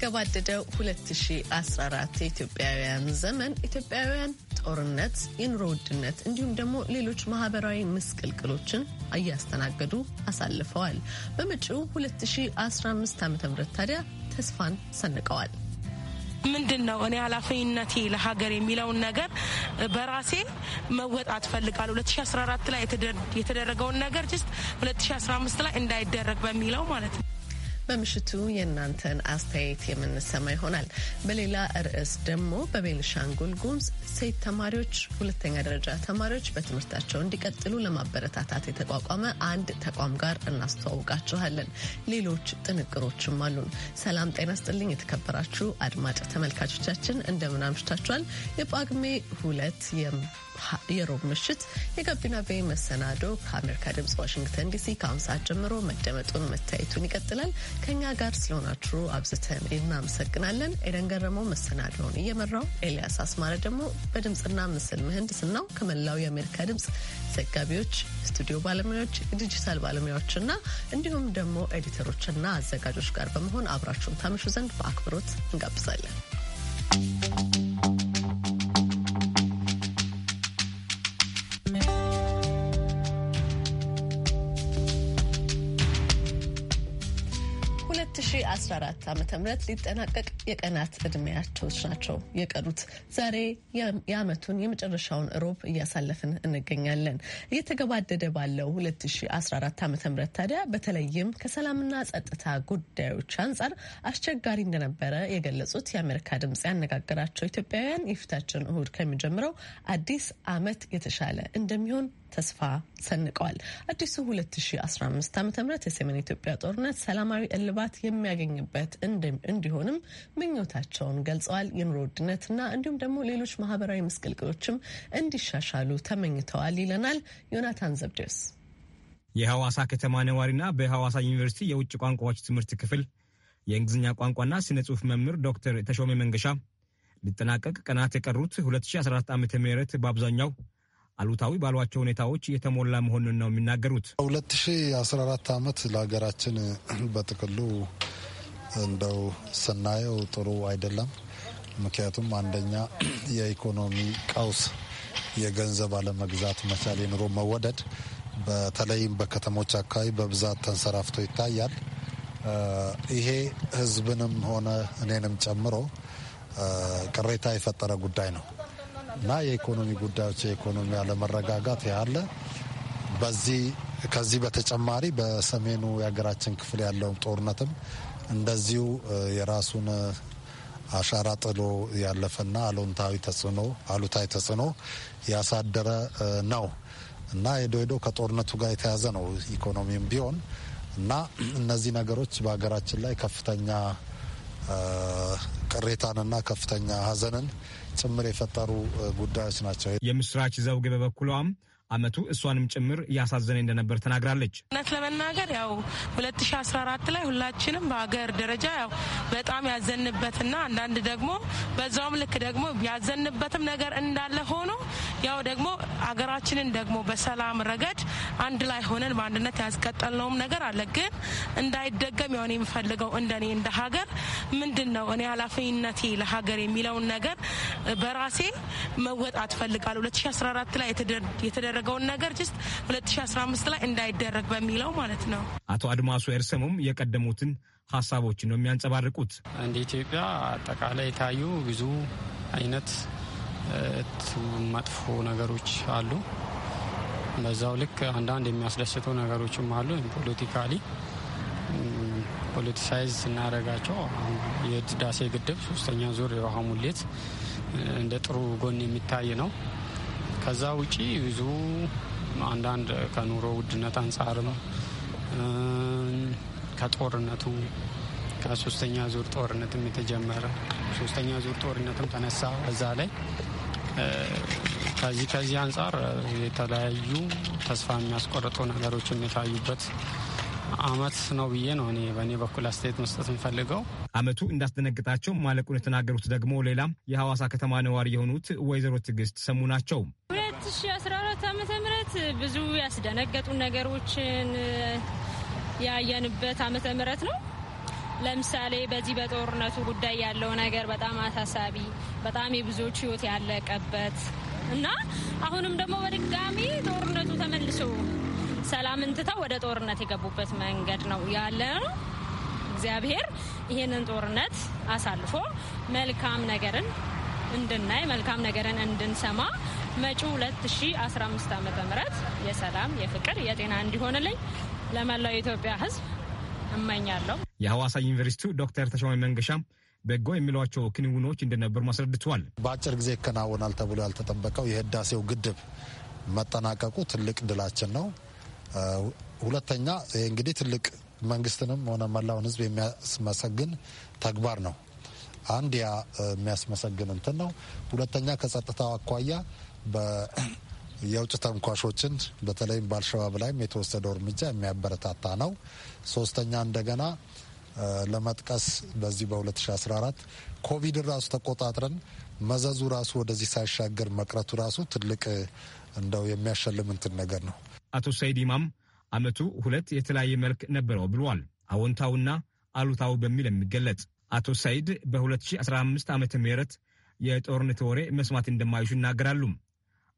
የተገባደደው 2014 የኢትዮጵያውያን ዘመን ኢትዮጵያውያን ጦርነት፣ የኑሮ ውድነት እንዲሁም ደግሞ ሌሎች ማህበራዊ ምስቅልቅሎችን እያስተናገዱ አሳልፈዋል። በመጪው 2015 ዓ ም ታዲያ ተስፋን ሰንቀዋል። ምንድን ነው እኔ ኃላፊነቴ ለሀገር የሚለውን ነገር በራሴ መወጣት ፈልጋለሁ። 2014 ላይ የተደረገውን ነገር ጅስት 2015 ላይ እንዳይደረግ በሚለው ማለት ነው። በምሽቱ የእናንተን አስተያየት የምንሰማ ይሆናል። በሌላ ርዕስ ደግሞ በቤንሻንጉል ጉሙዝ ሴት ተማሪዎች ሁለተኛ ደረጃ ተማሪዎች በትምህርታቸው እንዲቀጥሉ ለማበረታታት የተቋቋመ አንድ ተቋም ጋር እናስተዋውቃችኋለን። ሌሎች ጥንቅሮችም አሉን። ሰላም ጤና ስጥልኝ። የተከበራችሁ አድማጭ ተመልካቾቻችን እንደምን አምሽታችኋል? የጳጉሜ ሁለት የሮብ ምሽት የጋቢና ቤ መሰናዶ ከአሜሪካ ድምጽ ዋሽንግተን ዲሲ ከአሁን ሰዓት ጀምሮ መደመጡን መታየቱን ይቀጥላል። ከእኛ ጋር ስለሆናችሁ አብዝተን እናመሰግናለን። ኤደን ገረመው መሰናዶውን እየመራው፣ ኤልያስ አስማረ ደግሞ በድምፅና ምስል ምህንድስናው ከመላው የአሜሪካ ድምጽ ዘጋቢዎች፣ ስቱዲዮ ባለሙያዎች፣ ዲጂታል ባለሙያዎችና እንዲሁም ደግሞ ኤዲተሮችና አዘጋጆች ጋር በመሆን አብራችሁን ታምሹ ዘንድ በአክብሮት እንጋብዛለን። 2014 ዓ ም ሊጠናቀቅ የቀናት ዕድሜያቸዎች ናቸው የቀሩት። ዛሬ የዓመቱን የመጨረሻውን ሮብ እያሳለፍን እንገኛለን። እየተገባደደ ባለው 2014 ዓ ም ታዲያ በተለይም ከሰላምና ጸጥታ ጉዳዮች አንጻር አስቸጋሪ እንደነበረ የገለጹት የአሜሪካ ድምፅ ያነጋገራቸው ኢትዮጵያውያን የፊታችን እሁድ ከሚጀምረው አዲስ ዓመት የተሻለ እንደሚሆን ተስፋ ሰንቀዋል። አዲሱ 2015 ዓ ም የሰሜን ኢትዮጵያ ጦርነት ሰላማዊ እልባት የሚያገኝበት እንዲሆንም ምኞታቸውን ገልጸዋል። የኑሮ ውድነትና እንዲሁም ደግሞ ሌሎች ማህበራዊ ምስቅልቅሎችም እንዲሻሻሉ ተመኝተዋል ይለናል ዮናታን ዘብዴዎስ። የሐዋሳ ከተማ ነዋሪና በሐዋሳ ዩኒቨርሲቲ የውጭ ቋንቋዎች ትምህርት ክፍል የእንግሊዝኛ ቋንቋና ስነ ጽሁፍ መምህር ዶክተር ተሾሜ መንገሻ ሊጠናቀቅ ቀናት የቀሩት 2014 ዓ ም በአብዛኛው አሉታዊ ባሏቸው ሁኔታዎች የተሞላ መሆኑን ነው የሚናገሩት። 2014 ዓመት ለሀገራችን በጥቅሉ እንደው ስናየው ጥሩ አይደለም። ምክንያቱም አንደኛ የኢኮኖሚ ቀውስ፣ የገንዘብ አለመግዛት መቻል፣ የኑሮ መወደድ በተለይም በከተሞች አካባቢ በብዛት ተንሰራፍቶ ይታያል። ይሄ ህዝብንም ሆነ እኔንም ጨምሮ ቅሬታ የፈጠረ ጉዳይ ነው። እና የኢኮኖሚ ጉዳዮች የኢኮኖሚ አለመረጋጋት ያለ በዚህ ከዚህ በተጨማሪ በሰሜኑ የሀገራችን ክፍል ያለውም ጦርነትም እንደዚሁ የራሱን አሻራ ጥሎ ያለፈና አሉንታዊ ተጽዕኖ አሉታዊ ተጽዕኖ ያሳደረ ነው እና ሄዶ ሄዶ ከጦርነቱ ጋር የተያዘ ነው ኢኮኖሚም ቢሆን እና እነዚህ ነገሮች በሀገራችን ላይ ከፍተኛ ቅሬታንና ከፍተኛ ሀዘንን ጭምር የፈጠሩ ጉዳዮች ናቸው። የምስራች ዘውግ በበኩሏም አመቱ እሷንም ጭምር እያሳዘነ እንደነበር ተናግራለች። እውነት ለመናገር ያው 2014 ላይ ሁላችንም በሀገር ደረጃ ያው በጣም ያዘንበትና አንዳንድ ደግሞ በዛውም ልክ ደግሞ ያዘንበትም ነገር እንዳለ ሆኖ ያው ደግሞ አገራችንን ደግሞ በሰላም ረገድ አንድ ላይ ሆነን በአንድነት ያስቀጠልነውም ነገር አለ። ግን እንዳይደገም ያው የምፈልገው እንደኔ እንደ ሀገር ምንድን ነው እኔ ኃላፊነቴ ለሀገር የሚለውን ነገር በራሴ መወጣት ፈልጋለሁ። 2014 ላይ የተደረ የተደረገውን ነገር ጅስት 2015 ላይ እንዳይደረግ በሚለው ማለት ነው። አቶ አድማሱ ኤርሰሙም የቀደሙትን ሀሳቦችን ነው የሚያንጸባርቁት። እንደ ኢትዮጵያ አጠቃላይ የታዩ ብዙ አይነት መጥፎ ነገሮች አሉ። በዛው ልክ አንዳንድ የሚያስደስቱ ነገሮችም አሉ። ፖለቲካሊ ፖለቲሳይዝ ስናደርጋቸው የህዳሴ ግድብ ሶስተኛ ዙር የውሃ ሙሌት እንደ ጥሩ ጎን የሚታይ ነው። ከዛ ውጪ ብዙ አንዳንድ ከኑሮ ውድነት አንጻርም ከጦርነቱ ከሶስተኛ ዙር ጦርነትም የተጀመረ ሶስተኛ ዙር ጦርነትም ተነሳ። እዛ ላይ ከዚህ ከዚህ አንጻር የተለያዩ ተስፋ የሚያስቆርጡ ነገሮችን የታዩበት አመት ነው ብዬ ነው እኔ በእኔ በኩል አስተያየት መስጠት የምፈልገው። አመቱ እንዳስደነግጣቸው ማለቁን የተናገሩት ደግሞ ሌላም የሐዋሳ ከተማ ነዋሪ የሆኑት ወይዘሮ ትዕግስት ሰሙ ናቸው። 2014 ዓመተ ምህረት ብዙ ያስደነገጡ ነገሮችን ያየንበት ዓመተ ምህረት ነው። ለምሳሌ በዚህ በጦርነቱ ጉዳይ ያለው ነገር በጣም አሳሳቢ፣ በጣም የብዙዎች ህይወት ያለቀበት እና አሁንም ደግሞ በድጋሚ ጦርነቱ ተመልሶ ሰላምን ትተው ወደ ጦርነት የገቡበት መንገድ ነው ያለ ነው። እግዚአብሔር ይህንን ጦርነት አሳልፎ መልካም ነገርን እንድናይ መልካም ነገርን እንድንሰማ መጪው 2015 ዓ ም የሰላም የፍቅር የጤና እንዲሆንልኝ ለመላው የኢትዮጵያ ህዝብ እመኛለሁ። የሐዋሳ ዩኒቨርሲቲው ዶክተር ተሾመ መንገሻም በጎ የሚሏቸው ክንውኖች እንደነበሩ ማስረድተዋል። በአጭር ጊዜ ይከናወናል ተብሎ ያልተጠበቀው የህዳሴው ግድብ መጠናቀቁ ትልቅ ድላችን ነው። ሁለተኛ እንግዲህ ትልቅ መንግስትንም ሆነ መላውን ህዝብ የሚያስመሰግን ተግባር ነው። አንድ ያ የሚያስመሰግን እንትን ነው። ሁለተኛ ከጸጥታው አኳያ የውጭ ተንኳሾችን በተለይም በአልሸባብ ላይም የተወሰደው እርምጃ የሚያበረታታ ነው። ሶስተኛ እንደገና ለመጥቀስ በዚህ በ2014 ኮቪድን ራሱ ተቆጣጥረን መዘዙ ራሱ ወደዚህ ሳይሻገር መቅረቱ ራሱ ትልቅ እንደው የሚያሸልም እንትን ነገር ነው። አቶ ሰይድ ኢማም አመቱ ሁለት የተለያየ መልክ ነበረው ብሏል። አዎንታውና አሉታው በሚል የሚገለጽ አቶ ሰይድ በ2015 ዓ ም የጦርነት ወሬ መስማት እንደማይሹ ይናገራሉ።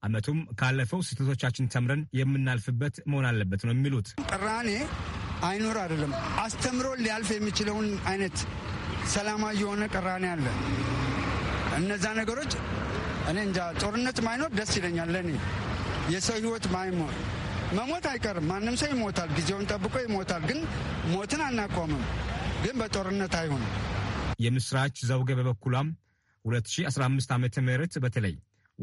አመቱም ካለፈው ስህተቶቻችን ተምረን የምናልፍበት መሆን አለበት ነው የሚሉት። ቅራኔ አይኖር አይደለም አስተምሮ ሊያልፍ የሚችለውን አይነት ሰላማዊ የሆነ ቅራኔ አለ። እነዛ ነገሮች እኔ እንጃ ጦርነት ማይኖር ደስ ይለኛል። ለእኔ የሰው ህይወት ማይሞር መሞት አይቀርም። ማንም ሰው ይሞታል፣ ጊዜውን ጠብቆ ይሞታል። ግን ሞትን አናቆምም። ግን በጦርነት አይሆንም። የምስራች ዘውገ በበኩሏም 2015 ዓ ም በተለይ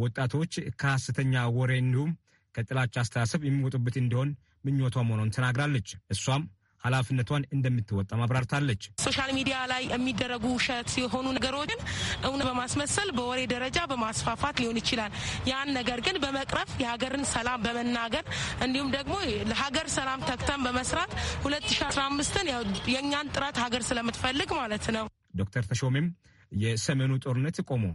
ወጣቶች ከሐሰተኛ ወሬ እንዲሁም ከጥላቻ አስተሳሰብ የሚወጡበት እንዲሆን ምኞቷ መሆኗን ተናግራለች። እሷም ኃላፊነቷን እንደምትወጣ ማብራርታለች። ሶሻል ሚዲያ ላይ የሚደረጉ ውሸት የሆኑ ነገሮችን እውነ በማስመሰል በወሬ ደረጃ በማስፋፋት ሊሆን ይችላል። ያን ነገር ግን በመቅረፍ የሀገርን ሰላም በመናገር እንዲሁም ደግሞ ለሀገር ሰላም ተግተን በመስራት 2015ን የእኛን ጥረት ሀገር ስለምትፈልግ ማለት ነው። ዶክተር ተሾሜም የሰሜኑ ጦርነት ቆሞ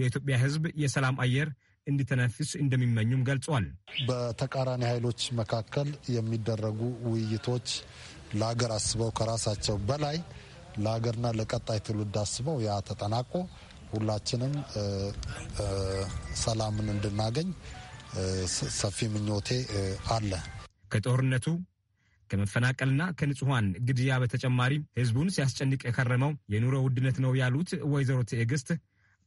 የኢትዮጵያ ሕዝብ የሰላም አየር እንዲተነፍስ እንደሚመኙም ገልጿል። በተቃራኒ ኃይሎች መካከል የሚደረጉ ውይይቶች ለሀገር አስበው ከራሳቸው በላይ ለሀገርና ለቀጣይ ትውልድ አስበው ያ ተጠናቆ ሁላችንም ሰላምን እንድናገኝ ሰፊ ምኞቴ አለ። ከጦርነቱ ከመፈናቀልና ከንጹሐን ግድያ በተጨማሪ ህዝቡን ሲያስጨንቅ የከረመው የኑሮ ውድነት ነው ያሉት ወይዘሮ ትዕግስት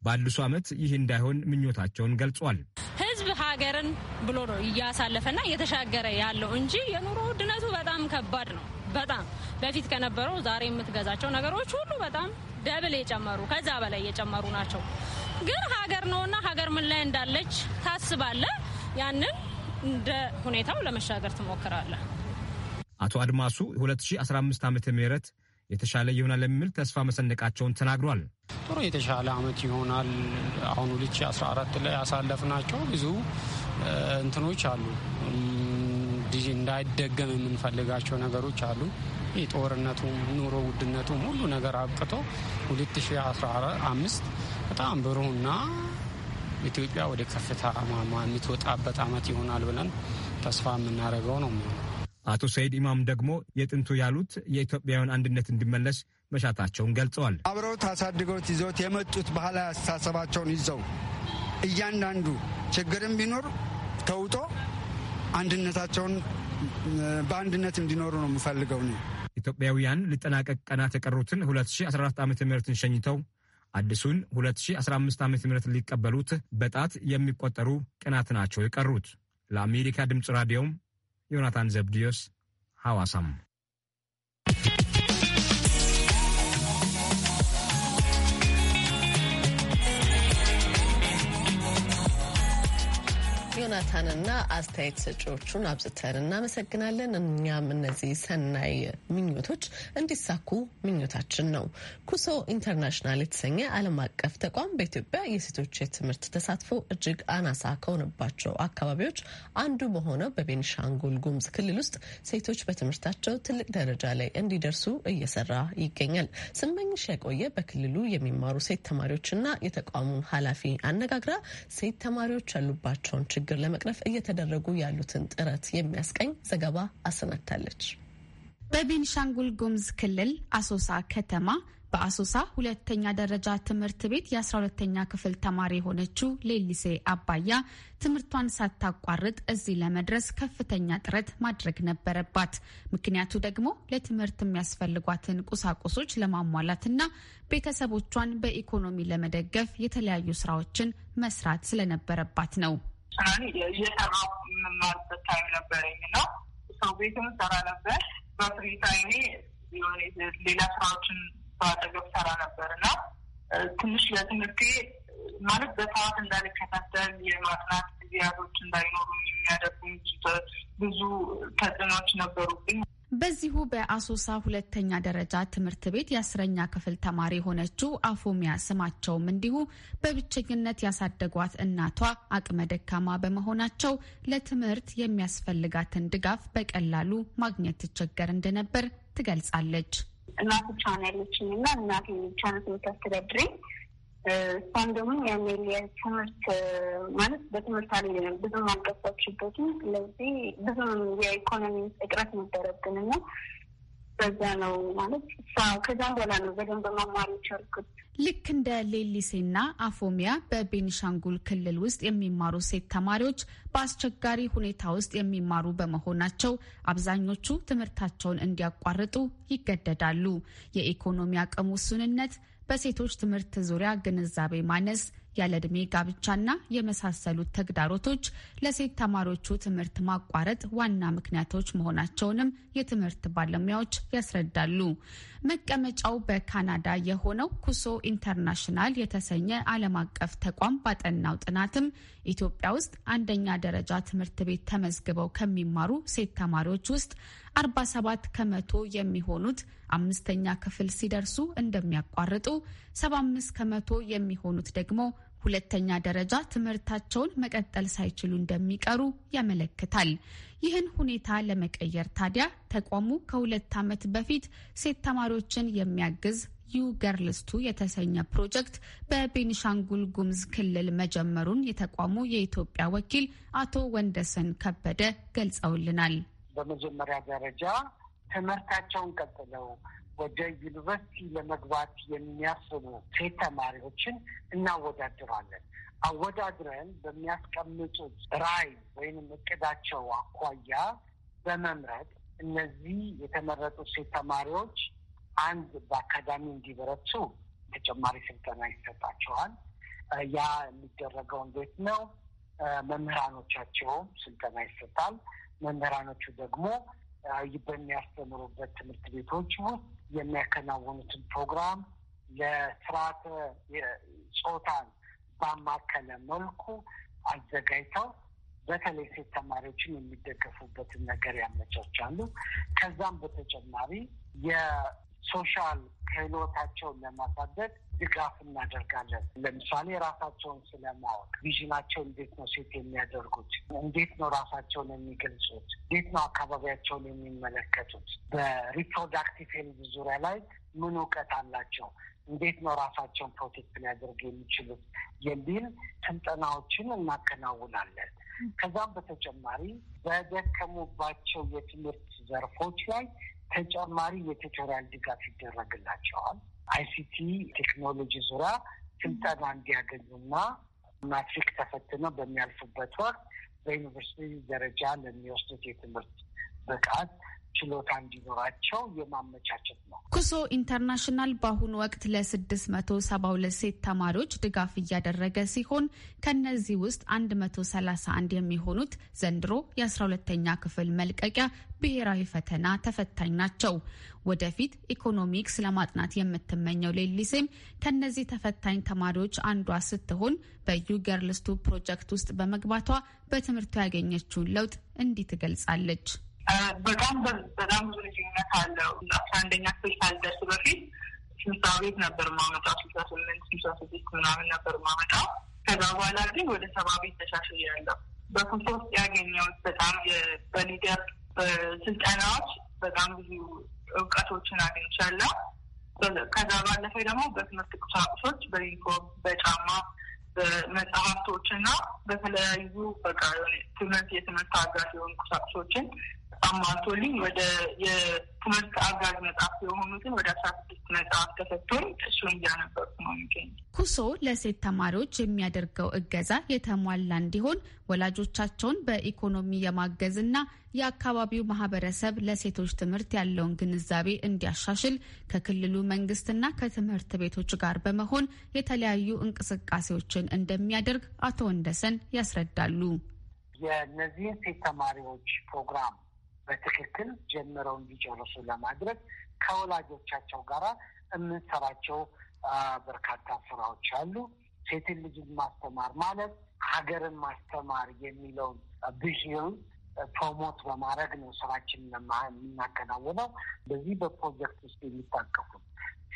በአዲሱ ዓመት ይህ እንዳይሆን ምኞታቸውን ገልጿል። ብሎ ነው እያሳለፈና እየተሻገረ ያለው እንጂ የኑሮ ውድነቱ በጣም ከባድ ነው። በጣም በፊት ከነበረው ዛሬ የምትገዛቸው ነገሮች ሁሉ በጣም ደብል የጨመሩ ከዛ በላይ የጨመሩ ናቸው። ግን ሀገር ነውና ሀገር ምን ላይ እንዳለች ታስባለ። ያንን እንደ ሁኔታው ለመሻገር ትሞክራለ። አቶ አድማሱ 2015 ዓ ም የተሻለ ይሆናል የሚል ተስፋ መሰነቃቸውን ተናግሯል። ጥሩ የተሻለ አመት ይሆናል። አሁን 2014 ላይ ናቸው ብዙ እንትኖች አሉ እንዳይደገም የምንፈልጋቸው ነገሮች አሉ። ጦርነቱም፣ ኑሮ ውድነቱም ሁሉ ነገር አብቅቶ 2015 በጣም ብሩህና ኢትዮጵያ ወደ ከፍታ ማማ የምትወጣበት አመት ይሆናል ብለን ተስፋ የምናደርገው ነው አቶ ሰይድ ኢማም ደግሞ የጥንቱ ያሉት የኢትዮጵያውያን አንድነት እንዲመለስ መሻታቸውን ገልጸዋል። አብረው ታሳድገውት ይዘውት የመጡት ባህላዊ አስተሳሰባቸውን ይዘው እያንዳንዱ ችግርም ቢኖር ተውጦ አንድነታቸውን በአንድነት እንዲኖሩ ነው የምፈልገው። ነው ኢትዮጵያውያን ሊጠናቀቅ ቀናት የቀሩትን 2014 ዓ ምትን ሸኝተው አዲሱን 2015 ዓ ምት ሊቀበሉት በጣት የሚቆጠሩ ቀናት ናቸው የቀሩት። ለአሜሪካ ድምፅ ራዲዮም ዮናታን ዘብዲዮስ ሐዋሳም ዮናታንና አስተያየት ሰጪዎቹን አብዝተን እናመሰግናለን። እኛም እነዚህ ሰናይ ምኞቶች እንዲሳኩ ምኞታችን ነው። ኩሶ ኢንተርናሽናል የተሰኘ ዓለም አቀፍ ተቋም በኢትዮጵያ የሴቶች የትምህርት ተሳትፎ እጅግ አናሳ ከሆነባቸው አካባቢዎች አንዱ በሆነው በቤኒሻንጉል ጉምዝ ክልል ውስጥ ሴቶች በትምህርታቸው ትልቅ ደረጃ ላይ እንዲደርሱ እየሰራ ይገኛል። ስመኝሽ የቆየ በክልሉ የሚማሩ ሴት ተማሪዎችና የተቋሙን ኃላፊ አነጋግራ ሴት ተማሪዎች ያሉባቸውን ችግር ችግር ለመቅረፍ እየተደረጉ ያሉትን ጥረት የሚያስቀኝ ዘገባ አሰናድታለች። በቤንሻንጉል ጉምዝ ክልል አሶሳ ከተማ በአሶሳ ሁለተኛ ደረጃ ትምህርት ቤት የ12ተኛ ክፍል ተማሪ የሆነችው ሌሊሴ አባያ ትምህርቷን ሳታቋርጥ እዚህ ለመድረስ ከፍተኛ ጥረት ማድረግ ነበረባት። ምክንያቱ ደግሞ ለትምህርት የሚያስፈልጓትን ቁሳቁሶች ለማሟላትና ቤተሰቦቿን በኢኮኖሚ ለመደገፍ የተለያዩ ስራዎችን መስራት ስለነበረባት ነው። ጭነን እየሰራሁ የምማርበት ታይም ነበረኝ እና ሰው ቤትም ሰራ ነበር። በፍሪ ታይሜ የሆነ ሌላ ስራዎችን በአጠገብ ሰራ ነበር እና ትንሽ ለትምህርቴ ማለት በሰዓት እንዳልከታተል የማጥናት ጊዜያቶች እንዳይኖሩ የሚያደርጉ ብዙ ተጽዕኖዎች ነበሩብኝ። በዚሁ በአሶሳ ሁለተኛ ደረጃ ትምህርት ቤት የአስረኛ ክፍል ተማሪ የሆነችው አፎሚያ ስማቸውም እንዲሁ በብቸኝነት ያሳደጓት እናቷ አቅመ ደካማ በመሆናቸው ለትምህርት የሚያስፈልጋትን ድጋፍ በቀላሉ ማግኘት ትቸገር እንደነበር ትገልጻለች። እናት ብቻ ነው ያለችኝ እና እናቴ ብቻ ነው የምታስተዳድረኝ። እሷም ደግሞ ያኔ የትምህርት ማለት በትምህርት አልሄድንም ብዙም አልገባችበትም። ስለዚህ ብዙም የኢኮኖሚ እጥረት ነበረብን እና በዛ ነው ማለት ከዛም በኋላ ነው በደንብ መማር የቻልኩት። ልክ እንደ ሌሊሴና አፎሚያ በቤኒሻንጉል ክልል ውስጥ የሚማሩ ሴት ተማሪዎች በአስቸጋሪ ሁኔታ ውስጥ የሚማሩ በመሆናቸው አብዛኞቹ ትምህርታቸውን እንዲያቋርጡ ይገደዳሉ። የኢኮኖሚ አቅም ውሱንነት በሴቶች ትምህርት ዙሪያ ግንዛቤ ማነስ ያለ ዕድሜ ጋብቻና የመሳሰሉት ተግዳሮቶች ለሴት ተማሪዎቹ ትምህርት ማቋረጥ ዋና ምክንያቶች መሆናቸውንም የትምህርት ባለሙያዎች ያስረዳሉ። መቀመጫው በካናዳ የሆነው ኩሶ ኢንተርናሽናል የተሰኘ ዓለም አቀፍ ተቋም ባጠናው ጥናትም ኢትዮጵያ ውስጥ አንደኛ ደረጃ ትምህርት ቤት ተመዝግበው ከሚማሩ ሴት ተማሪዎች ውስጥ 47 ከመቶ የሚሆኑት አምስተኛ ክፍል ሲደርሱ እንደሚያቋርጡ፣ 75 ከመቶ የሚሆኑት ደግሞ ሁለተኛ ደረጃ ትምህርታቸውን መቀጠል ሳይችሉ እንደሚቀሩ ያመለክታል። ይህን ሁኔታ ለመቀየር ታዲያ ተቋሙ ከሁለት ዓመት በፊት ሴት ተማሪዎችን የሚያግዝ ዩ ገርልስቱ የተሰኘ ፕሮጀክት በቤኒሻንጉል ጉምዝ ክልል መጀመሩን የተቋሙ የኢትዮጵያ ወኪል አቶ ወንደሰን ከበደ ገልጸውልናል። በመጀመሪያ ደረጃ ትምህርታቸውን ቀጥለው ወደ ዩኒቨርሲቲ ለመግባት የሚያስቡ ሴት ተማሪዎችን እናወዳድራለን። አወዳድረን በሚያስቀምጡት ራዕይ ወይም እቅዳቸው አኳያ በመምረጥ እነዚህ የተመረጡ ሴት ተማሪዎች አንድ በአካዳሚ እንዲበረቱ ተጨማሪ ስልጠና ይሰጣቸዋል። ያ የሚደረገው እንዴት ነው? መምህራኖቻቸውም ስልጠና ይሰጣል። መምህራኖቹ ደግሞ በሚያስተምሩበት ትምህርት ቤቶች ውስጥ የሚያከናውኑትን ፕሮግራም ለስርዓተ ጾታን ባማከለ መልኩ አዘጋጅተው በተለይ ሴት ተማሪዎችን የሚደገፉበትን ነገር ያመቻቻሉ። ከዛም በተጨማሪ ሶሻል ክህሎታቸውን ለማሳደግ ድጋፍ እናደርጋለን። ለምሳሌ ራሳቸውን ስለማወቅ ቪዥናቸው እንዴት ነው ሴት የሚያደርጉት? እንዴት ነው ራሳቸውን የሚገልጹት? እንዴት ነው አካባቢያቸውን የሚመለከቱት? በሪፕሮዳክቲቭ ሄልዝ ዙሪያ ላይ ምን እውቀት አላቸው? እንዴት ነው ራሳቸውን ፕሮቴክት ሊያደርግ የሚችሉት የሚል ስልጠናዎችን እናከናውናለን። ከዛም በተጨማሪ በደከሙባቸው የትምህርት ዘርፎች ላይ ተጨማሪ የቴቶሪያል ድጋፍ ይደረግላቸዋል። አይሲቲ ቴክኖሎጂ ዙሪያ ስልጠና እንዲያገኙና ማትሪክ ተፈትነው በሚያልፉበት ወቅት በዩኒቨርሲቲ ደረጃ ለሚወስዱት የትምህርት ብቃት ችሎታ እንዲኖራቸው የማመቻቸት ነው። ኩሶ ኢንተርናሽናል በአሁኑ ወቅት ለስድስት መቶ ሰባ ሁለት ሴት ተማሪዎች ድጋፍ እያደረገ ሲሆን ከእነዚህ ውስጥ አንድ መቶ ሰላሳ አንድ የሚሆኑት ዘንድሮ የአስራ ሁለተኛ ክፍል መልቀቂያ ብሔራዊ ፈተና ተፈታኝ ናቸው። ወደፊት ኢኮኖሚክስ ለማጥናት የምትመኘው ሌሊሴም ከነዚህ ተፈታኝ ተማሪዎች አንዷ ስትሆን በዩገርልስቱ ፕሮጀክት ውስጥ በመግባቷ በትምህርቱ ያገኘችውን ለውጥ እንዲህ ትገልጻለች። በጣም በጣም ብዙ ልዩነት አለው። አስራ አንደኛ ክፍል ሳልደርስ በፊት ስምሳ ቤት ነበር ማመጣው፣ ስልሳ ስምንት ስልሳ ስድስት ምናምን ነበር ማመጣው። ከዛ በኋላ ግን ወደ ሰባ ቤት ተሻሽል ያለው በኩቶ ውስጥ ያገኘሁት በጣም በሊደር ስልጠናዎች በጣም ብዙ እውቀቶችን አግኝቻለሁ። ከዛ ባለፈ ደግሞ በትምህርት ቁሳቁሶች፣ በዩኒፎርም፣ በጫማ፣ በመጽሐፍቶች እና በተለያዩ በቃ ትምህርት የትምህርት አጋር የሆኑ ቁሳቁሶችን አሟልቶልኝ ወደ የትምህርት አጋዥ መጽሐፍ የሆኑትን ወደ አስራ ስድስት መጽሐፍ ተሰጥቶኝ እሱን እያነበርኩ ነው የሚገኝ። ኩሶ ለሴት ተማሪዎች የሚያደርገው እገዛ የተሟላ እንዲሆን ወላጆቻቸውን በኢኮኖሚ የማገዝና የአካባቢው ማህበረሰብ ለሴቶች ትምህርት ያለውን ግንዛቤ እንዲያሻሽል ከክልሉ መንግስትና ከትምህርት ቤቶች ጋር በመሆን የተለያዩ እንቅስቃሴዎችን እንደሚያደርግ አቶ ወንደሰን ያስረዳሉ። የእነዚህን ሴት ተማሪዎች ፕሮግራም በትክክል ጀምረው እንዲጨርሱ ለማድረግ ከወላጆቻቸው ጋር የምንሰራቸው በርካታ ስራዎች አሉ። ሴትን ልጅን ማስተማር ማለት ሀገርን ማስተማር የሚለውን ብሂል ፕሮሞት በማድረግ ነው ስራችን የምናከናውነው። በዚህ በፕሮጀክት ውስጥ የሚታቀፉት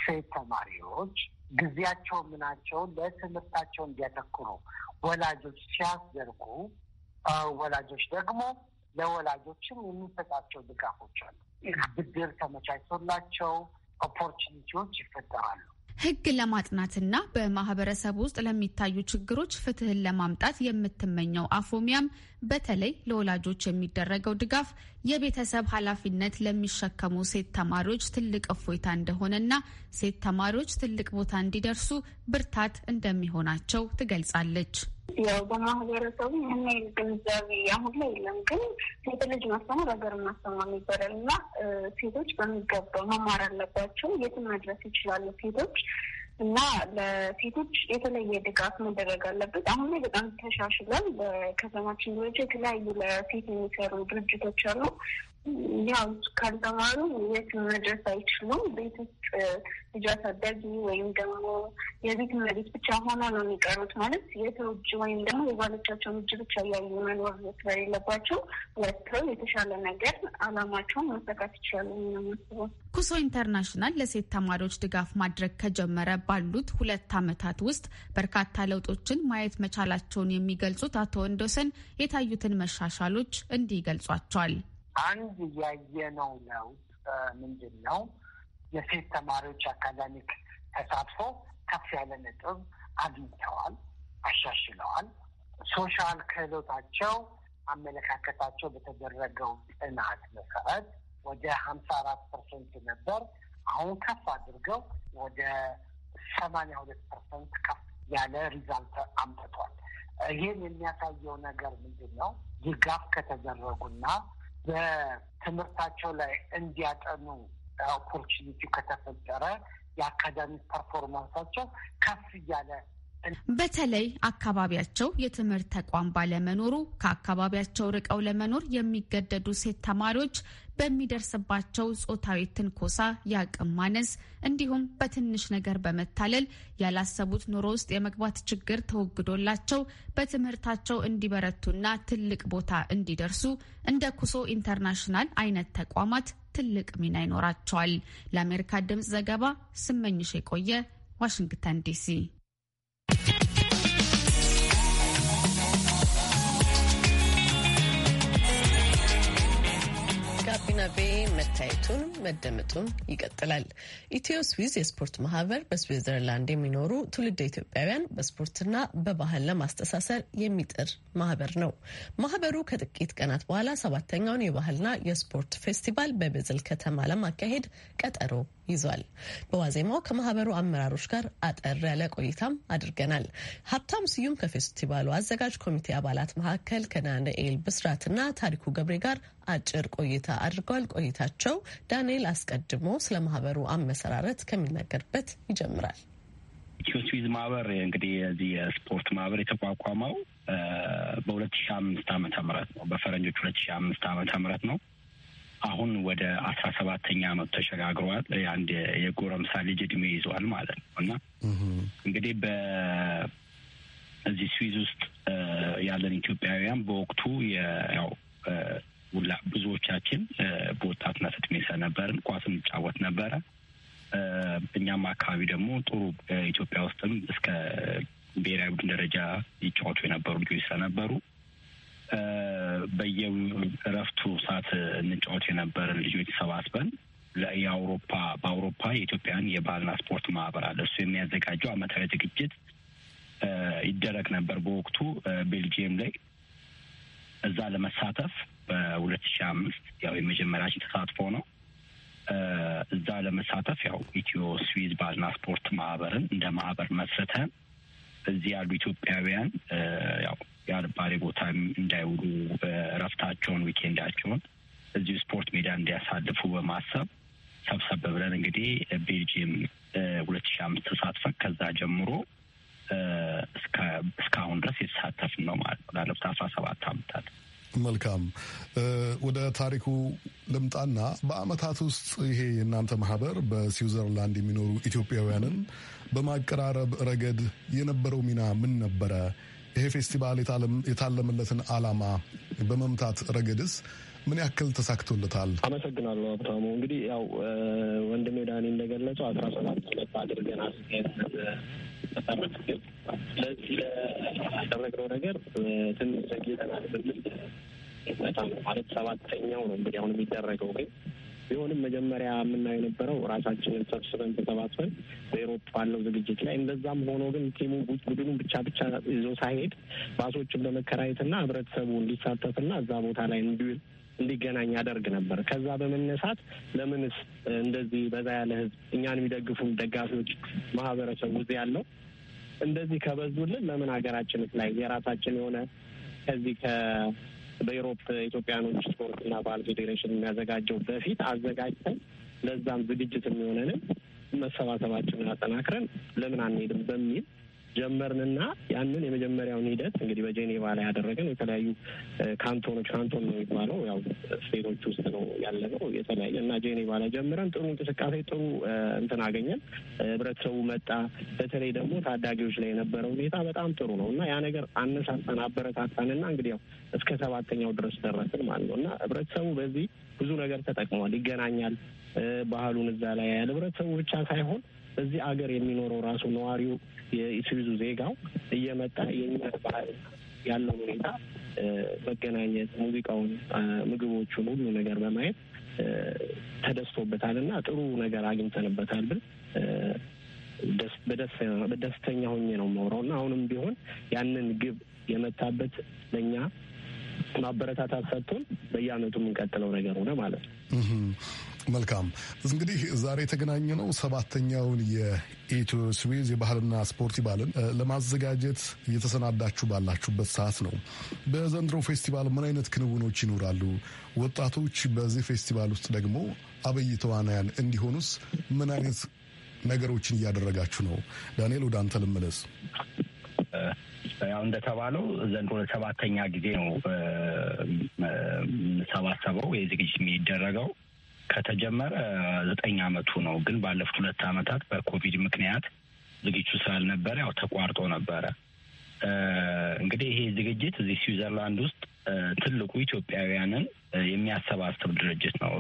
ሴት ተማሪዎች ጊዜያቸው ምናቸውን ለትምህርታቸው እንዲያተኩሩ ወላጆች ሲያስደርጉ፣ ወላጆች ደግሞ ለወላጆችም የሚሰጣቸው ድጋፎች አሉ። ብድር ተመቻችቶላቸው ኦፖርቹኒቲዎች ይፈጠራሉ። ህግ ለማጥናትና በማህበረሰብ ውስጥ ለሚታዩ ችግሮች ፍትህን ለማምጣት የምትመኘው አፎሚያም በተለይ ለወላጆች የሚደረገው ድጋፍ የቤተሰብ ኃላፊነት ለሚሸከሙ ሴት ተማሪዎች ትልቅ እፎይታ እንደሆነና ሴት ተማሪዎች ትልቅ ቦታ እንዲደርሱ ብርታት እንደሚሆናቸው ትገልጻለች። ያው በማህበረሰቡ ይህን ይል ግንዛቤ አሁን ላይ የለም። ግን ሴት ልጅ ማስተማር ሀገርን ማስተማር ይባላል እና ሴቶች በሚገባ መማር አለባቸው። የትም መድረስ ይችላሉ ሴቶች እና ለሴቶች የተለየ ድጋፍ መደረግ አለበት። አሁን ላይ በጣም ተሻሽሏል። በከተማችን ደረጃ የተለያዩ ለሴት የሚሰሩ ድርጅቶች አሉ። ያው ካልተማሩ የት መድረስ አይችሉም። ቤት ውስጥ ልጅ አሳዳጊ ወይም ደግሞ የቤት መሬት ብቻ ሆኖ ነው የሚቀሩት። ማለት የሰው እጅ ወይም ደግሞ የባሎቻቸውን እጅ ብቻ እያዩ መኖር ስለሌለባቸው ወጥተው የተሻለ ነገር አላማቸውን መሰካት ይችላሉ ነው። ኩሶ ኢንተርናሽናል ለሴት ተማሪዎች ድጋፍ ማድረግ ከጀመረ ባሉት ሁለት ዓመታት ውስጥ በርካታ ለውጦችን ማየት መቻላቸውን የሚገልጹት አቶ ወንዶሰን የታዩትን መሻሻሎች እንዲህ ይገልጿቸዋል። አንድ ያየነው ለውጥ ምንድን ነው? የሴት ተማሪዎች አካዳሚክ ተሳትፎ ከፍ ያለ ነጥብ አግኝተዋል፣ አሻሽለዋል። ሶሻል ክህሎታቸው፣ አመለካከታቸው በተደረገው ጥናት መሰረት ወደ ሀምሳ አራት ፐርሰንት ነበር። አሁን ከፍ አድርገው ወደ ሰማንያ ሁለት ፐርሰንት ከፍ ያለ ሪዛልት አምጥቷል። ይህን የሚያሳየው ነገር ምንድን ነው? ድጋፍ ከተደረጉና በትምህርታቸው ላይ እንዲያጠኑ ኦፖርቹኒቲ ከተፈጠረ የአካዳሚክ ፐርፎርማንሳቸው ከፍ እያለ በተለይ አካባቢያቸው የትምህርት ተቋም ባለመኖሩ ከአካባቢያቸው ርቀው ለመኖር የሚገደዱ ሴት ተማሪዎች በሚደርስባቸው ጾታዊ ትንኮሳ፣ የአቅም ማነስ እንዲሁም በትንሽ ነገር በመታለል ያላሰቡት ኑሮ ውስጥ የመግባት ችግር ተወግዶላቸው በትምህርታቸው እንዲበረቱና ትልቅ ቦታ እንዲደርሱ እንደ ኩሶ ኢንተርናሽናል አይነት ተቋማት ትልቅ ሚና ይኖራቸዋል። ለአሜሪካ ድምፅ ዘገባ ስመኝሽ የቆየ ዋሽንግተን ዲሲ ጋቢና መታየቱን መደመጡን ይቀጥላል። ኢትዮ ስዊዝ የስፖርት ማህበር በስዊዘርላንድ የሚኖሩ ትውልደ ኢትዮጵያውያን በስፖርትና በባህል ለማስተሳሰር የሚጥር ማህበር ነው። ማህበሩ ከጥቂት ቀናት በኋላ ሰባተኛውን የባህልና የስፖርት ፌስቲቫል በብዝል ከተማ ለማካሄድ ቀጠሮ ይዟል። በዋዜማው ከማህበሩ አመራሮች ጋር አጠር ያለ ቆይታም አድርገናል። ሀብታም ስዩም ከፌስቲቫሉ አዘጋጅ ኮሚቴ አባላት መካከል ከዳንኤል ብስራትና ታሪኩ ገብሬ ጋር አጭር ቆይታ አድርገዋል። ቆይታቸው ዳንኤል አስቀድሞ ስለ ማህበሩ አመሰራረት ከሚናገርበት ይጀምራል። ኢትዮስዊዝ ማህበር እንግዲህ የዚህ የስፖርት ማህበር የተቋቋመው በሁለት ሺ አምስት አመተ ምህረት ነው። በፈረንጆች ሁለት ሺ አምስት አመተ ምህረት ነው አሁን ወደ አስራ ሰባተኛ ዓመቱ ተሸጋግሯል። አንድ የጎረምሳ ልጅ እድሜ ይዟል ማለት ነው እና እንግዲህ በዚህ ስዊዝ ውስጥ ያለን ኢትዮጵያውያን በወቅቱ ያው ብዙዎቻችን በወጣትነት እድሜ ስለነበርን ኳስ እንጫወት ነበረ። እኛም አካባቢ ደግሞ ጥሩ ኢትዮጵያ ውስጥም እስከ ብሔራዊ ቡድን ደረጃ ይጫወቱ የነበሩ ልጆች ስለነበሩ በየእረፍቱ ሰዓት እንጫወት የነበረን ልጆች ሰባስበን የአውሮፓ በአውሮፓ የኢትዮጵያን የባህልና ስፖርት ማህበር አለ። እሱ የሚያዘጋጀው አመታዊ ዝግጅት ይደረግ ነበር በወቅቱ ቤልጅየም ላይ። እዛ ለመሳተፍ በሁለት ሺ አምስት ያው የመጀመሪያችን ተሳትፎ ነው። እዛ ለመሳተፍ ያው ኢትዮ ስዊዝ ባልና ስፖርት ማህበርን እንደ ማህበር መስርተን እዚህ ያሉ ኢትዮጵያውያን ያው የአልባሌ ቦታ እንዳይውሉ እረፍታቸውን፣ ዊኬንዳቸውን እዚሁ ስፖርት ሜዳ እንዲያሳልፉ በማሰብ ሰብሰብ ብለን እንግዲህ ቤልጅየም ሁለት ሺ አምስት ተሳትፈን ከዛ ጀምሮ እስካሁን ድረስ የተሳተፍን ነው ማለት ነው ላለፉት አስራ ሰባት አመታት መልካም ወደ ታሪኩ ልምጣና በአመታት ውስጥ ይሄ የእናንተ ማህበር በስዊዘርላንድ የሚኖሩ ኢትዮጵያውያንን በማቀራረብ ረገድ የነበረው ሚና ምን ነበረ? ይሄ ፌስቲቫል የታለመለትን አላማ በመምታት ረገድስ ምን ያክል ተሳክቶለታል? አመሰግናለሁ ሀብታሙ። እንግዲህ ያው ወንድሜ ዳኒ እንደገለጸው አስራ ሰባት አመት አድርገን አስገነት ተሰራች። ግን ስለዚህ ነገር ትንሽ ዘግይተናል ብንል በጣም ማለት ሰባተኛው ነው እንግዲህ አሁን የሚደረገው ግን ቢሆንም መጀመሪያ የምናየው የነበረው ራሳችንን ሰብስበን ተሰባስበን በኤሮፕ ባለው ዝግጅት ላይ እንደዛም ሆኖ ግን ቲሙ ቡድኑ ብቻ ብቻ ይዞ ሳይሄድ ባሶችን በመከራየትና ህብረተሰቡ እንዲሳተፍና እዛ ቦታ ላይ እንዲውል እንዲገናኝ ያደርግ ነበር። ከዛ በመነሳት ለምንስ እንደዚህ በዛ ያለ ህዝብ እኛን የሚደግፉ ደጋፊዎች ማህበረሰቡ ውስጥ ያለው እንደዚህ ከበዙልን ለምን ሀገራችን ላይ የራሳችን የሆነ ከዚህ በኢሮፕ ኢትዮጵያኖች ስፖርትና ባህል ፌዴሬሽን የሚያዘጋጀው በፊት አዘጋጅተን ለዛም ዝግጅት የሚሆነንን መሰባሰባችንን አጠናክረን ለምን አንሄድም በሚል ጀመርንና ያንን የመጀመሪያውን ሂደት እንግዲህ በጄኔቫ ላይ ያደረገን የተለያዩ ካንቶኖች ካንቶን ነው የሚባለው ያው ስቴቶች ውስጥ ነው ያለ ነው የተለያየ እና ጄኔቫ ላይ ጀምረን ጥሩ እንቅስቃሴ ጥሩ እንትን አገኘን። ህብረተሰቡ መጣ። በተለይ ደግሞ ታዳጊዎች ላይ የነበረው ሁኔታ በጣም ጥሩ ነው እና ያ ነገር አነሳሳን፣ አበረታታንና እንግዲህ ያው እስከ ሰባተኛው ድረስ ደረስን ማለት ነው እና ህብረተሰቡ በዚህ ብዙ ነገር ተጠቅሟል። ይገናኛል ባህሉን እዛ ላይ ያል ህብረተሰቡ ብቻ ሳይሆን እዚህ አገር የሚኖረው ራሱ ነዋሪው የስዊዙ ዜጋው እየመጣ የኛ ባህል ያለው ሁኔታ መገናኘት፣ ሙዚቃውን፣ ምግቦቹን፣ ሁሉ ነገር በማየት ተደስቶበታል እና ጥሩ ነገር አግኝተንበታል ብል በደስተኛ ሆኜ ነው የማውራው እና አሁንም ቢሆን ያንን ግብ የመታበት ለእኛ ማበረታታት ሰጥቶን በየአመቱ የምንቀጥለው ነገር ሆነ ማለት ነው። መልካም እንግዲህ ዛሬ የተገናኘ ነው ሰባተኛውን የኢትዮ ስዊዝ የባህልና ስፖርት ባልን ለማዘጋጀት እየተሰናዳችሁ ባላችሁበት ሰዓት ነው። በዘንድሮ ፌስቲቫል ምን አይነት ክንውኖች ይኖራሉ? ወጣቶች በዚህ ፌስቲቫል ውስጥ ደግሞ አበይ ተዋናያን እንዲሆኑስ ምን አይነት ነገሮችን እያደረጋችሁ ነው? ዳንኤል ወደ አንተ ልመለስ። ያው እንደተባለው ዘንድሮ ለሰባተኛ ጊዜ ነው የምንሰባሰበው የዝግጅት የሚደረገው ከተጀመረ ዘጠኝ አመቱ ነው። ግን ባለፉት ሁለት አመታት በኮቪድ ምክንያት ዝግጅቱ ስላልነበረ ያው ተቋርጦ ነበረ። እንግዲህ ይሄ ዝግጅት እዚህ ስዊዘርላንድ ውስጥ ትልቁ ኢትዮጵያውያንን የሚያሰባስብ ድርጅት ነው፣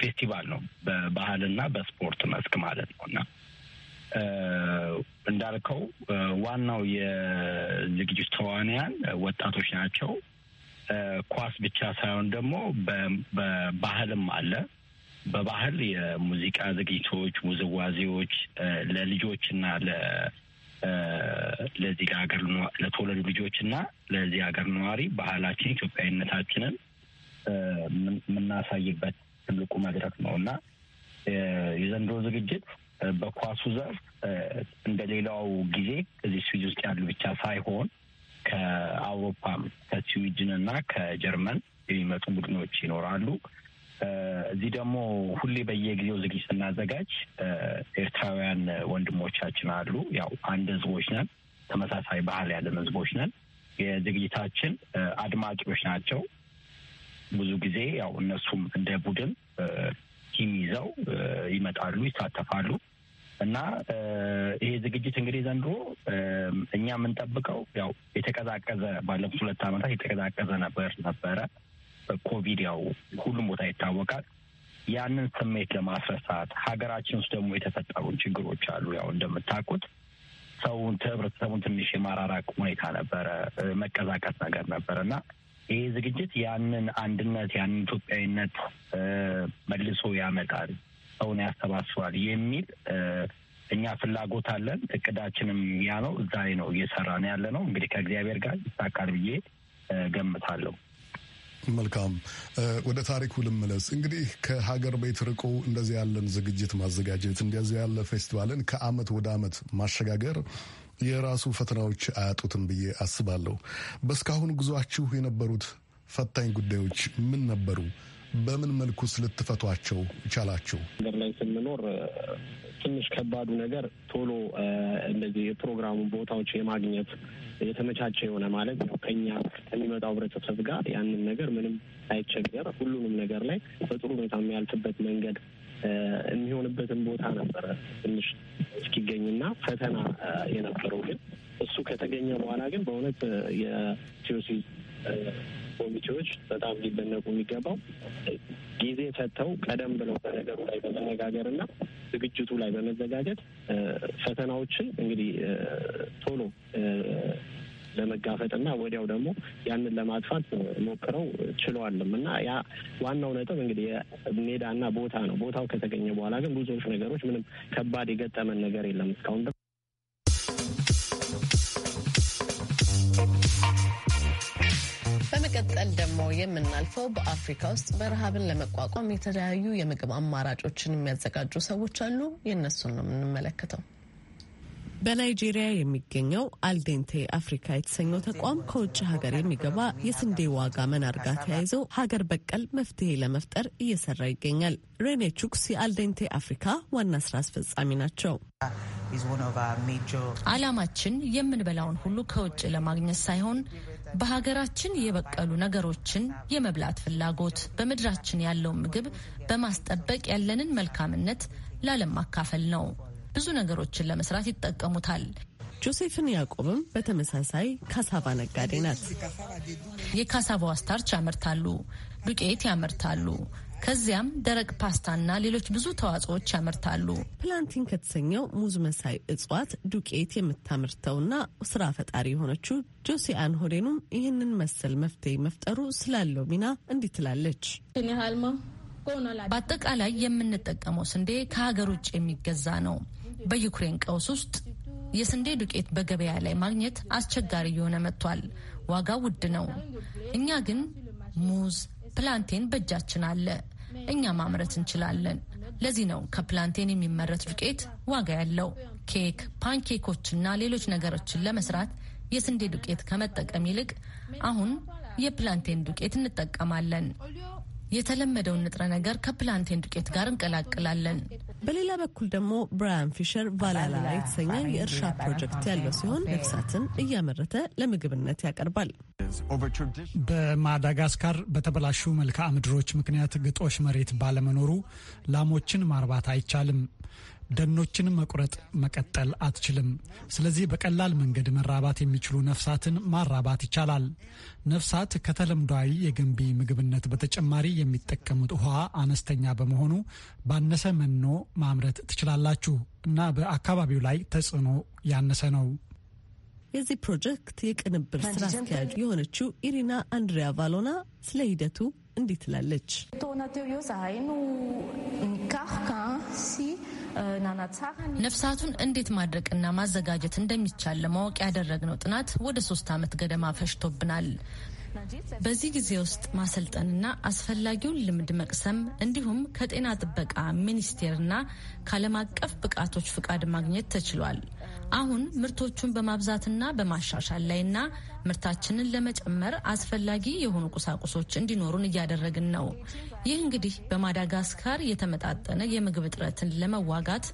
ፌስቲቫል ነው፣ በባህልና በስፖርት መስክ ማለት ነው እና እንዳልከው ዋናው የዝግጅት ተዋንያን ወጣቶች ናቸው። ኳስ ብቻ ሳይሆን ደግሞ በባህልም አለ በባህል የሙዚቃ ዝግጅቶች፣ ውዝዋዜዎች ለልጆችና ለዚህ ሀገር ለተወለዱ ልጆችና ለዚህ ሀገር ነዋሪ ባህላችን ኢትዮጵያዊነታችንን የምናሳይበት ትልቁ መድረክ ነው እና የዘንድሮ ዝግጅት በኳሱ ዘርፍ እንደ ሌላው ጊዜ እዚህ ስዊዝ ውስጥ ያሉ ብቻ ሳይሆን ከአውሮፓም ከስዊድን እና ከጀርመን የሚመጡ ቡድኖች ይኖራሉ። እዚህ ደግሞ ሁሌ በየጊዜው ዝግጅት ስናዘጋጅ ኤርትራውያን ወንድሞቻችን አሉ። ያው አንድ ህዝቦች ነን፣ ተመሳሳይ ባህል ያለን ህዝቦች ነን። የዝግጅታችን አድማቂዎች ናቸው። ብዙ ጊዜ ያው እነሱም እንደ ቡድን ቲም ይዘው ይመጣሉ፣ ይሳተፋሉ እና ይሄ ዝግጅት እንግዲህ ዘንድሮ እኛ የምንጠብቀው ያው የተቀዛቀዘ ባለፉት ሁለት ዓመታት የተቀዛቀዘ ነበር ነበረ ኮቪድ ያው ሁሉም ቦታ ይታወቃል። ያንን ስሜት ለማስረሳት ሀገራችን ውስጥ ደግሞ የተፈጠሩ ችግሮች አሉ። ያው እንደምታውቁት ሰውን ህብረተሰቡን ትንሽ የማራራቅ ሁኔታ ነበረ፣ መቀዛቀስ ነገር ነበረ እና ይህ ዝግጅት ያንን አንድነት ያንን ኢትዮጵያዊነት መልሶ ያመጣል፣ ሰውን ያሰባስባል የሚል እኛ ፍላጎት አለን። እቅዳችንም ያ ነው። እዛ ላይ ነው እየሰራ ነው ያለ ነው። እንግዲህ ከእግዚአብሔር ጋር ይሳካል ብዬ ገምታለሁ። መልካም ወደ ታሪኩ ልመለስ። እንግዲህ ከሀገር ቤት ርቆ እንደዚህ ያለን ዝግጅት ማዘጋጀት እንደዚህ ያለ ፌስቲቫልን ከአመት ወደ አመት ማሸጋገር የራሱ ፈተናዎች አያጡትም ብዬ አስባለሁ። በእስካሁን ጉዟችሁ የነበሩት ፈታኝ ጉዳዮች ምን ነበሩ? በምን መልኩስ ልትፈቷቸው ይቻላችሁ? ሀገር ላይ ስንኖር ትንሽ ከባዱ ነገር ቶሎ እንደዚህ የፕሮግራሙ ቦታዎች የማግኘት የተመቻቸ የሆነ ማለት ያው ከኛ ከሚመጣው ህብረተሰብ ጋር ያንን ነገር ምንም ሳይቸገር ሁሉንም ነገር ላይ በጥሩ ሁኔታ የሚያልፍበት መንገድ የሚሆንበትን ቦታ ነበረ ትንሽ እስኪገኝና ፈተና የነበረው ግን እሱ ከተገኘ በኋላ ግን በእውነት የቲዮሲ ኮሚቴዎች በጣም ሊደነቁ የሚገባው ጊዜ ሰጥተው ቀደም ብለው በነገሩ ላይ በመነጋገር እና ዝግጅቱ ላይ በመዘጋጀት ፈተናዎችን እንግዲህ ቶሎ መጋፈጥና ወዲያው ደግሞ ያንን ለማጥፋት ሞክረው ችለዋልም እና ያ ዋናው ነጥብ እንግዲህ ሜዳና ቦታ ነው። ቦታው ከተገኘ በኋላ ግን ብዙዎች ነገሮች ምንም ከባድ የገጠመን ነገር የለም እስካሁን በመቀጠል ደግሞ የምናልፈው በአፍሪካ ውስጥ በረሃብን ለመቋቋም የተለያዩ የምግብ አማራጮችን የሚያዘጋጁ ሰዎች አሉ። የእነሱን ነው የምንመለከተው። በናይጄሪያ የሚገኘው አልዴንቴ አፍሪካ የተሰኘው ተቋም ከውጭ ሀገር የሚገባ የስንዴ ዋጋ መናር ጋር ተያይዘው ሀገር በቀል መፍትሄ ለመፍጠር እየሰራ ይገኛል። ሬኔ ቹክስ የአልዴንቴ አፍሪካ ዋና ስራ አስፈጻሚ ናቸው። አላማችን የምንበላውን ሁሉ ከውጭ ለማግኘት ሳይሆን በሀገራችን የበቀሉ ነገሮችን የመብላት ፍላጎት፣ በምድራችን ያለውን ምግብ በማስጠበቅ ያለንን መልካምነት ላለም ማካፈል ነው። ብዙ ነገሮችን ለመስራት ይጠቀሙታል። ጆሴፍን ያዕቆብም በተመሳሳይ ካሳባ ነጋዴ ናት። የካሳባ ስታርች ያመርታሉ፣ ዱቄት ያመርታሉ። ከዚያም ደረቅ ፓስታና ሌሎች ብዙ ተዋጽኦዎች ያመርታሉ። ፕላንቲን ከተሰኘው ሙዝ መሳይ እጽዋት ዱቄት የምታመርተውና ስራ ፈጣሪ የሆነችው ጆሲያን ሆዴኑም ይህንን መሰል መፍትሄ መፍጠሩ ስላለው ሚና እንዲህ ትላለች። በአጠቃላይ የምንጠቀመው ስንዴ ከሀገር ውጭ የሚገዛ ነው። በዩክሬን ቀውስ ውስጥ የስንዴ ዱቄት በገበያ ላይ ማግኘት አስቸጋሪ እየሆነ መጥቷል። ዋጋው ውድ ነው። እኛ ግን ሙዝ፣ ፕላንቴን በእጃችን አለ። እኛ ማምረት እንችላለን። ለዚህ ነው ከፕላንቴን የሚመረት ዱቄት ዋጋ ያለው። ኬክ፣ ፓንኬኮችና ሌሎች ነገሮችን ለመስራት የስንዴ ዱቄት ከመጠቀም ይልቅ አሁን የፕላንቴን ዱቄት እንጠቀማለን። የተለመደውን ንጥረ ነገር ከፕላንቴን ዱቄት ጋር እንቀላቅላለን። በሌላ በኩል ደግሞ ብራያን ፊሸር ቫላላ የተሰኘ የእርሻ ፕሮጀክት ያለው ሲሆን ነፍሳትን እያመረተ ለምግብነት ያቀርባል። በማዳጋስካር በተበላሹ መልክዓ ምድሮች ምክንያት ግጦሽ መሬት ባለመኖሩ ላሞችን ማርባት አይቻልም። ደኖችን መቁረጥ መቀጠል አትችልም። ስለዚህ በቀላል መንገድ መራባት የሚችሉ ነፍሳትን ማራባት ይቻላል። ነፍሳት ከተለምዷዊ የገንቢ ምግብነት በተጨማሪ የሚጠቀሙት ውሃ አነስተኛ በመሆኑ ባነሰ መኖ ማምረት ትችላላችሁ እና በአካባቢው ላይ ተጽዕኖ ያነሰ ነው። የዚህ ፕሮጀክት የቅንብር ስራ አስኪያጅ የሆነችው ኢሪና አንድሪያ ቫሎና ስለ ሂደቱ እንዲህ ትላለች። ነፍሳቱን እንዴት ማድረቅና ማዘጋጀት እንደሚቻል ለማወቅ ያደረግነው ጥናት ወደ ሶስት ዓመት ገደማ ፈሽቶብናል። በዚህ ጊዜ ውስጥ ማሰልጠንና አስፈላጊውን ልምድ መቅሰም እንዲሁም ከጤና ጥበቃ ሚኒስቴርና ከዓለም አቀፍ ብቃቶች ፍቃድ ማግኘት ተችሏል። አሁን ምርቶቹን በማብዛትና በማሻሻል ላይና ምርታችንን ለመጨመር አስፈላጊ የሆኑ ቁሳቁሶች እንዲኖሩን እያደረግን ነው። ይህ እንግዲህ በማዳጋስካር የተመጣጠነ የምግብ እጥረትን ለመዋጋት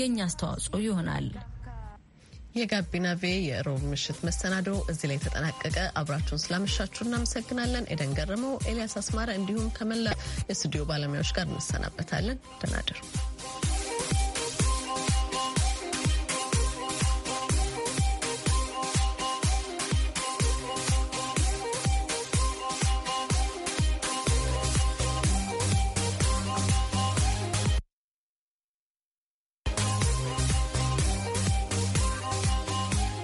የእኛ አስተዋጽኦ ይሆናል። የጋቢና ቬ የሮብ ምሽት መሰናዶ እዚህ ላይ ተጠናቀቀ። አብራችሁን ስላመሻችሁ እናመሰግናለን። ኤደን ገረመው፣ ኤልያስ አስማረ እንዲሁም ከመላ የስቱዲዮ ባለሙያዎች ጋር እንሰናበታለን። ደህና እደሩ።